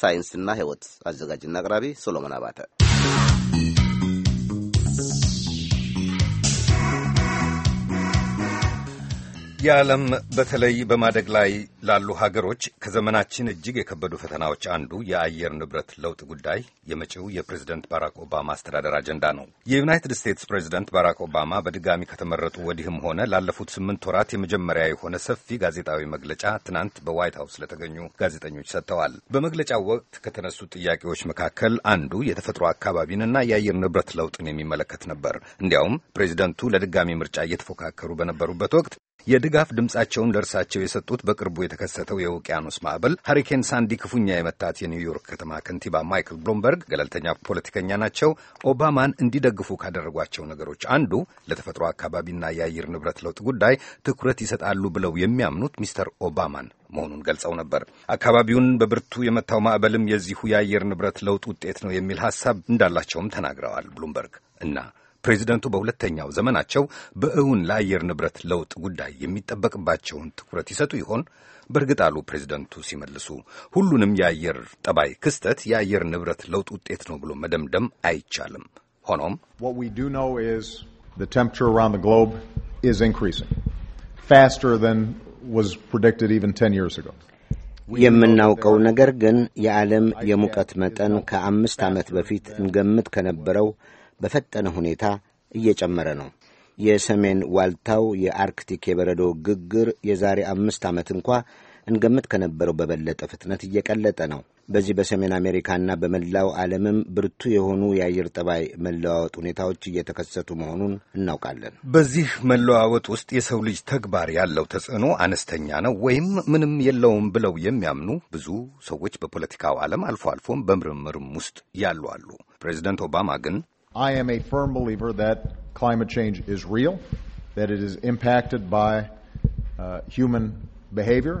ሳይንስና ሕይወት አዘጋጅና አቅራቢ ሶሎሞን አባተ የዓለም በተለይ በማደግ ላይ ላሉ ሀገሮች ከዘመናችን እጅግ የከበዱ ፈተናዎች አንዱ የአየር ንብረት ለውጥ ጉዳይ የመጪው የፕሬዝደንት ባራክ ኦባማ አስተዳደር አጀንዳ ነው። የዩናይትድ ስቴትስ ፕሬዝደንት ባራክ ኦባማ በድጋሚ ከተመረጡ ወዲህም ሆነ ላለፉት ስምንት ወራት የመጀመሪያ የሆነ ሰፊ ጋዜጣዊ መግለጫ ትናንት በዋይት ሀውስ ለተገኙ ጋዜጠኞች ሰጥተዋል። በመግለጫው ወቅት ከተነሱ ጥያቄዎች መካከል አንዱ የተፈጥሮ አካባቢንና የአየር ንብረት ለውጥን የሚመለከት ነበር። እንዲያውም ፕሬዚደንቱ ለድጋሚ ምርጫ እየተፎካከሩ በነበሩበት ወቅት የድጋፍ ድምፃቸውን ለእርሳቸው የሰጡት በቅርቡ የተከሰተው የውቅያኖስ ማዕበል ሀሪኬን ሳንዲ ክፉኛ የመታት የኒውዮርክ ከተማ ከንቲባ ማይክል ብሎምበርግ ገለልተኛ ፖለቲከኛ ናቸው። ኦባማን እንዲደግፉ ካደረጓቸው ነገሮች አንዱ ለተፈጥሮ አካባቢና የአየር ንብረት ለውጥ ጉዳይ ትኩረት ይሰጣሉ ብለው የሚያምኑት ሚስተር ኦባማን መሆኑን ገልጸው ነበር። አካባቢውን በብርቱ የመታው ማዕበልም የዚሁ የአየር ንብረት ለውጥ ውጤት ነው የሚል ሀሳብ እንዳላቸውም ተናግረዋል ብሉምበርግ እና ፕሬዚደንቱ በሁለተኛው ዘመናቸው በእውን ለአየር ንብረት ለውጥ ጉዳይ የሚጠበቅባቸውን ትኩረት ይሰጡ ይሆን? በእርግጥ አሉ ፕሬዚደንቱ ሲመልሱ፣ ሁሉንም የአየር ጠባይ ክስተት የአየር ንብረት ለውጥ ውጤት ነው ብሎ መደምደም አይቻልም። ሆኖም የምናውቀው ነገር ግን የዓለም የሙቀት መጠን ከአምስት ዓመት በፊት እንገምት ከነበረው በፈጠነ ሁኔታ እየጨመረ ነው። የሰሜን ዋልታው የአርክቲክ የበረዶ ግግር የዛሬ አምስት ዓመት እንኳ እንገምት ከነበረው በበለጠ ፍጥነት እየቀለጠ ነው። በዚህ በሰሜን አሜሪካና በመላው ዓለምም ብርቱ የሆኑ የአየር ጠባይ መለዋወጥ ሁኔታዎች እየተከሰቱ መሆኑን እናውቃለን። በዚህ መለዋወጥ ውስጥ የሰው ልጅ ተግባር ያለው ተጽዕኖ አነስተኛ ነው ወይም ምንም የለውም ብለው የሚያምኑ ብዙ ሰዎች በፖለቲካው ዓለም አልፎ አልፎም በምርምርም ውስጥ ያሉ አሉ። ፕሬዚደንት ኦባማ ግን I am a firm believer that climate change is real, that it is impacted by uh, human behavior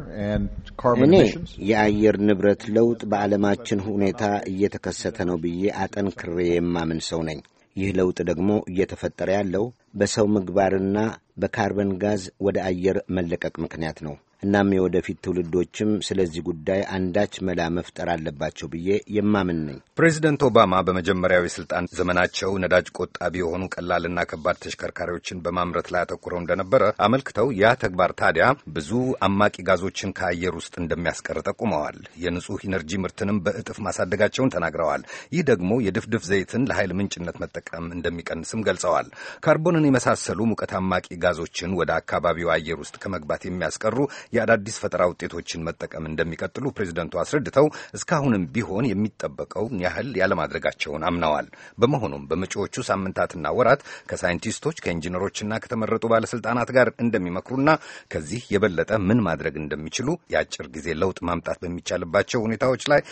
የአየር ንብረት ለውጥ በዓለማችን ሁኔታ እየተከሰተ ነው ብዬ አጠንክሬ የማምን ሰው ነኝ። ይህ ለውጥ ደግሞ እየተፈጠረ ያለው በሰው ምግባርና በካርበን ጋዝ ወደ አየር መለቀቅ ምክንያት ነው። እናም የወደፊት ትውልዶችም ስለዚህ ጉዳይ አንዳች መላ መፍጠር አለባቸው ብዬ የማምን ነኝ። ፕሬዚደንት ኦባማ በመጀመሪያው የሥልጣን ዘመናቸው ነዳጅ ቆጣቢ የሆኑ ቀላልና ከባድ ተሽከርካሪዎችን በማምረት ላይ አተኩረው እንደነበረ አመልክተው ያ ተግባር ታዲያ ብዙ አማቂ ጋዞችን ከአየር ውስጥ እንደሚያስቀር ጠቁመዋል። የንጹህ ኢነርጂ ምርትንም በእጥፍ ማሳደጋቸውን ተናግረዋል። ይህ ደግሞ የድፍድፍ ዘይትን ለኃይል ምንጭነት መጠቀም እንደሚቀንስም ገልጸዋል። ካርቦን ኦዞንን የመሳሰሉ ሙቀት አማቂ ጋዞችን ወደ አካባቢው አየር ውስጥ ከመግባት የሚያስቀሩ የአዳዲስ ፈጠራ ውጤቶችን መጠቀም እንደሚቀጥሉ ፕሬዚደንቱ አስረድተው እስካሁንም ቢሆን የሚጠበቀውን ያህል ያለማድረጋቸውን አምነዋል። በመሆኑም በመጪዎቹ ሳምንታትና ወራት ከሳይንቲስቶች ከኢንጂነሮችና ከተመረጡ ባለስልጣናት ጋር እንደሚመክሩና ከዚህ የበለጠ ምን ማድረግ እንደሚችሉ የአጭር ጊዜ ለውጥ ማምጣት በሚቻልባቸው ሁኔታዎች ላይ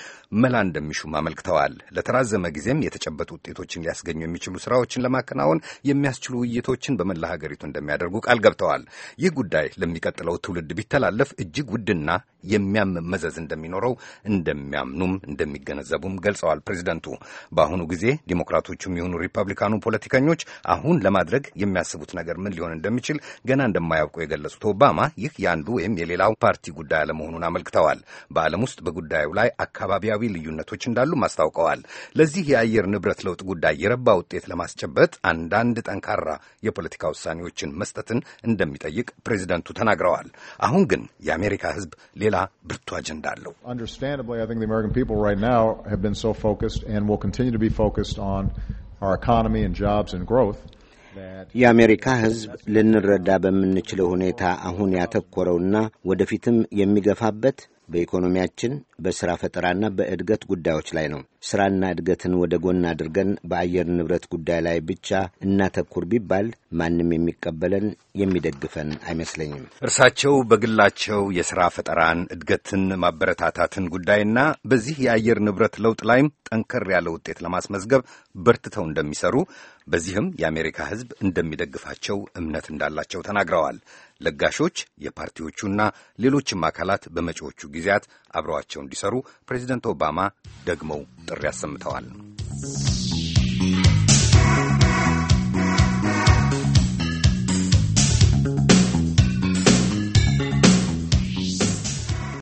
መላ እንደሚሹም አመልክተዋል። ለተራዘመ ጊዜም የተጨበጡ ውጤቶችን ሊያስገኙ የሚችሉ ስራዎችን ለማከናወን የሚያስችሉ ውይይቶችን በመላ ሀገሪቱ እንደሚያደርጉ ቃል ገብተዋል። ይህ ጉዳይ ለሚቀጥለው ትውልድ ቢተላለፍ እጅግ ውድና የሚያም መዘዝ እንደሚኖረው እንደሚያምኑም እንደሚገነዘቡም ገልጸዋል። ፕሬዚደንቱ በአሁኑ ጊዜ ዲሞክራቶቹም የሆኑ ሪፐብሊካኑ ፖለቲከኞች አሁን ለማድረግ የሚያስቡት ነገር ምን ሊሆን እንደሚችል ገና እንደማያውቁ የገለጹት ኦባማ ይህ የአንዱ ወይም የሌላው ፓርቲ ጉዳይ አለመሆኑን አመልክተዋል። በዓለም ውስጥ በጉዳዩ ላይ አካባቢያዊ ልዩነቶች እንዳሉም አስታውቀዋል። ለዚህ የአየር ንብረት ለውጥ ጉዳይ የረባ ውጤት ለማስጨበጥ አንዳንድ ጠንካራ የፖለቲካ ውሳኔዎችን መስጠትን እንደሚጠይቅ ፕሬዚደንቱ ተናግረዋል። አሁን ግን የአሜሪካ ሕዝብ ሌላ ሌላ ብርቱ አጀንዳ አለው። የአሜሪካ ሕዝብ ልንረዳ በምንችለው ሁኔታ አሁን ያተኮረውና ወደፊትም የሚገፋበት በኢኮኖሚያችን በሥራ ፈጠራና በእድገት ጉዳዮች ላይ ነው። ሥራና እድገትን ወደ ጎን አድርገን በአየር ንብረት ጉዳይ ላይ ብቻ እናተኩር ቢባል ማንም የሚቀበለን የሚደግፈን አይመስለኝም። እርሳቸው በግላቸው የሥራ ፈጠራን፣ እድገትን፣ ማበረታታትን ጉዳይና በዚህ የአየር ንብረት ለውጥ ላይም ጠንከር ያለ ውጤት ለማስመዝገብ በርትተው እንደሚሰሩ በዚህም የአሜሪካ ሕዝብ እንደሚደግፋቸው እምነት እንዳላቸው ተናግረዋል። ለጋሾች፣ የፓርቲዎቹና ሌሎችም አካላት በመጪዎቹ ጊዜያት አብረዋቸው እንዲሰሩ ፕሬዚደንት ኦባማ ደግመው ጥሪ አሰምተዋል።